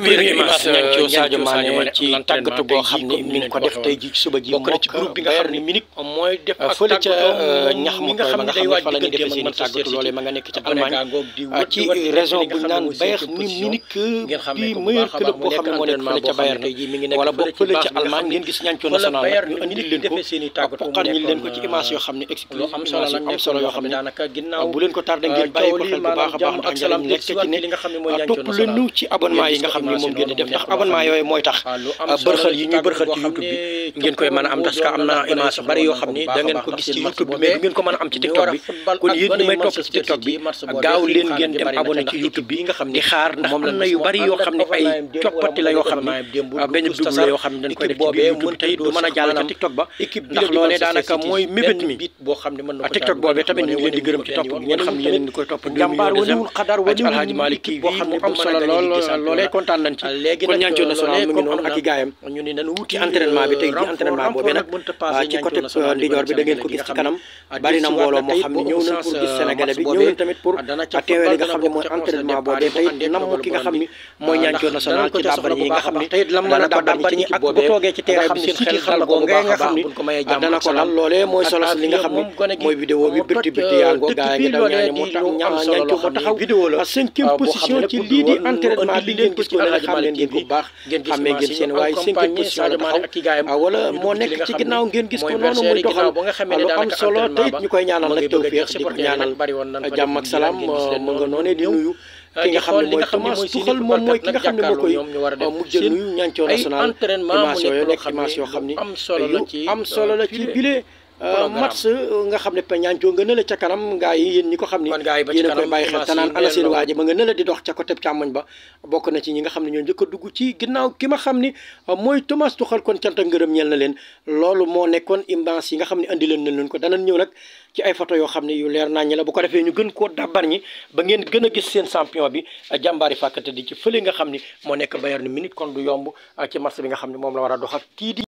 première image Sadio Mané ci tàggatu boo xam ne mi ngi ko def euh, ca euh, ñax ma nga xam ne day yoo xam ne bu leen ko tardé ngeen bàyyi xel bu baax a baax ndax nekk ci ne topp leen ñu ci abonnement yi nga xam xam ni moom ngeen mooy tax ah, bërxal yi ñuy bërxal ci youtube bi ngeen koy mën am parce que am na image bari yoo xam ne ay youtube bi ndax ah, loolee daanaka mooy mébét mi ah, tiktok boobee tamit ñu ngi leen di ci topp ngeen xam ne yéen ni koy topp jàmbaar waniwul xadar waniwul alxaaji boo xam ne am solo lool loolee kontaan kontaan nañ ci léegi kon mu ngi noonu ak i gaayam ñu ni nañu bi tey ji euh, entraînement boobee nag ci côté ndijoor euh, bi da ko gis ci kanam bari na mbooloo mooy entraînement boobee nga xam ni mooy ñaan bi seen xel yaa ngoo euh, gaa yi nga daw ñaani moo la cinquième position ci lii di entraînement bi ngeen gis ko El Hadj Malick ngeen bu baax xammee ngeen seen waaye seen ko position la taxaw wala ah, moo nekk ci ginnaaw ngeen gis ko noonu muy doxal ah, lu am solo te ñu koy ñaanal nag tawfeex di ñaanal jàmm ak salaam euh, mu nga noonee di nuyu ah, ki nga xam ne mooy Thomas Tuchel moom mooy ki nga xam ne moo koy mujj nuyu ñancoo national image yooyu nekk image yoo xam ne yu am solo la ci euh, bile Euh, match euh, nga xam ne peñancoo nga nële ca kanam gaa yi ñi ko xam ni yéen a koy bàyyi xel te naan ana seen waaji ma nga nële di dox ca côté càmmoñ ba bokk na ci ñi nga xam ne ñoo njëkk a dugg ci euh, kon cant ak ngërëm na leen loolu moo nekkoon imbalance yi nga xam ne andi leen nañ leen ko danañ ñëw nag ay photo yoo xam ne yu leer naññi la bu ko defee ñu gën koo dabar ñi ba ngeen gën a gis seen champion bi jàmbaari fàkkate di ci fële nga xam ni moo nekk Bayern Munich kon du yomb ci match bi nga xam ne moom la war a dox ak kii di